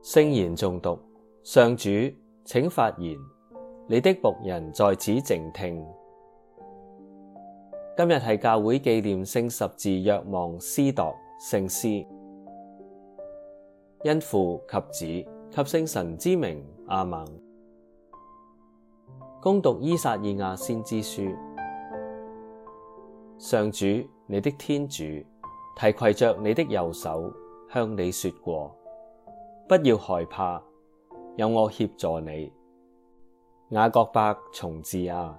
聖言誦讀，上主，請發言，你的僕人在此靜聽。今日係教會紀念聖十字若望司鐸聖師，因父及子。及聖神之名亞孟，恭讀《依撒意亞先知書》。上主，你的天主，提攜着你的右手，向你說過：不要害怕，有我協助你。雅各伯蟲豸啊，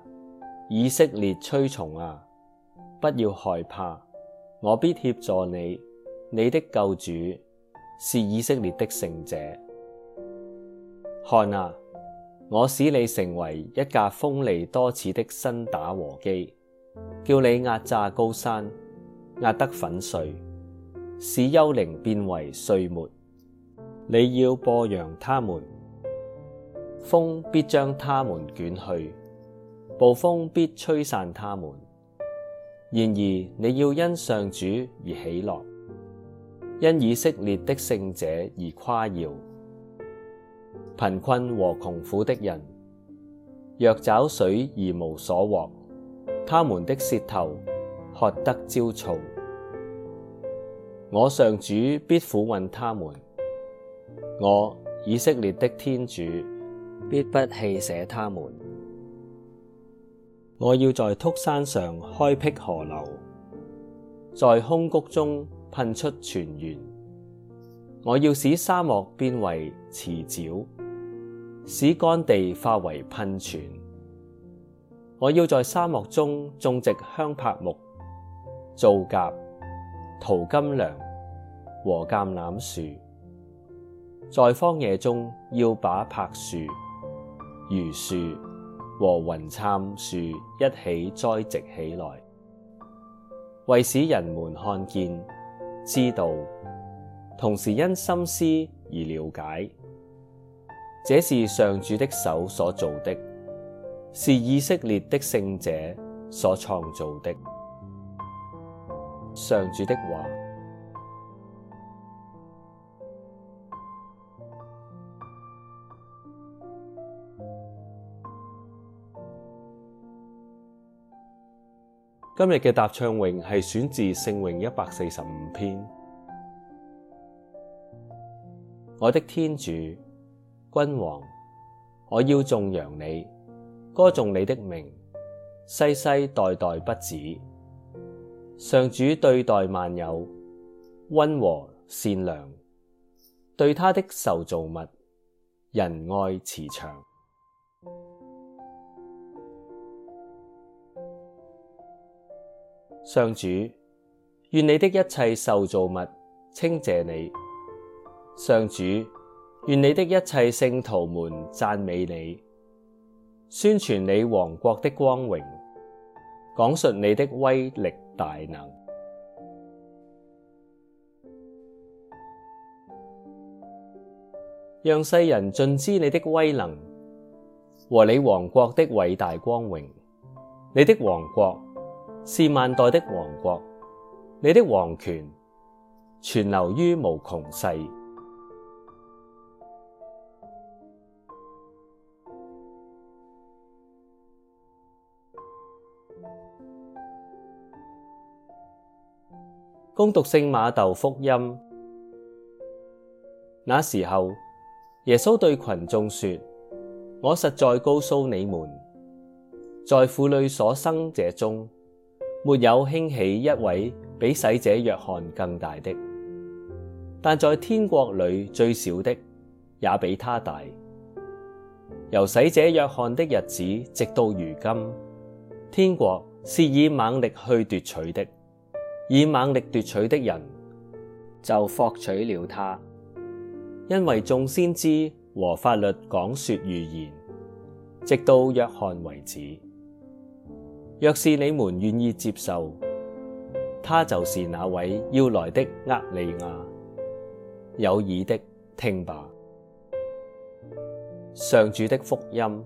以色列蛆蟲啊，不要害怕，我必協助你。你的救主是以色列的聖者。看啊！我使你成為一架鋒利多齒的新打禾機，叫你壓榨高山，壓得粉碎，使丘陵變為碎末。你要簸揚他們，風必將他們捲去，暴風必吹散他們。然而你要因上主而喜樂，因以色列的聖者而誇耀。貧困和窮苦的人，若找水而無所獲，他們的舌頭渴得焦燥。我上主必俯允他們，我以色列的天主必不棄捨他們。我要在禿山上開闢河流，在空谷中噴出泉源。我要使沙漠變為池沼，使乾地化為噴泉。我要在沙漠中種植香柏木、皂夾、桃金娘和橄欖樹，在荒野中要把柏樹、榆樹和雲杉樹一起栽植起來，為使人們看見、知道。同時因深思而了解，這是上主的手所做的，是以色列的聖者所創造的。上主的話，今日嘅答唱詠係選自聖詠一百四十五篇。我的天主，君王，我要頌揚你，歌頌你的名，世世代代不止。上主對待萬有，溫和善良，對他的受造物，仁愛慈祥。上主，願你的一切受造物稱謝你。上主，願你的一切聖徒們讚美你，宣傳你王國的光榮，講述你的威力大能，讓世人盡知你的威能和你王國的偉大光榮。你的王國是萬代的王國，你的王權存留於無窮世。恭讀聖瑪竇福音，那時候耶穌對群眾說：我實在告訴你們，在婦女所生者中，沒有興起一位比洗者若翰更大的；但在天國裏最小的也比他大。由洗者若翰的日子直到如今，天國是以猛力去奪取的。以猛力奪取的人，就攫取了他，因為眾先知和法律講說預言，直到若翰為止。若是你們願意接受，他就是那位要來的厄利亞。有耳的聽吧！上主的福音。